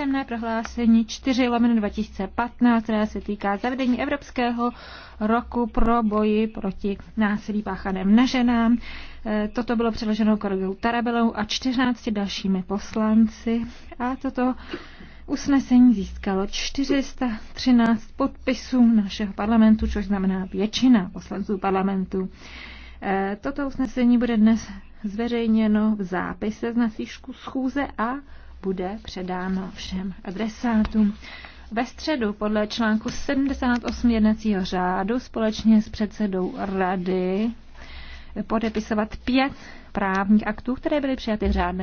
písemné prohlášení 4 lomeno 2015, které se týká zavedení Evropského roku pro boji proti násilí páchaném na ženám. E, toto bylo předloženo kolegou Tarabelou a 14 dalšími poslanci a toto usnesení získalo 413 podpisů našeho parlamentu, což znamená většina poslanců parlamentu. E, toto usnesení bude dnes zveřejněno v zápise z naší schůze a bude předáno všem adresátům. Ve středu podle článku 78 jednacího řádu společně s předsedou rady podepisovat pět právních aktů, které byly přijaty řádné.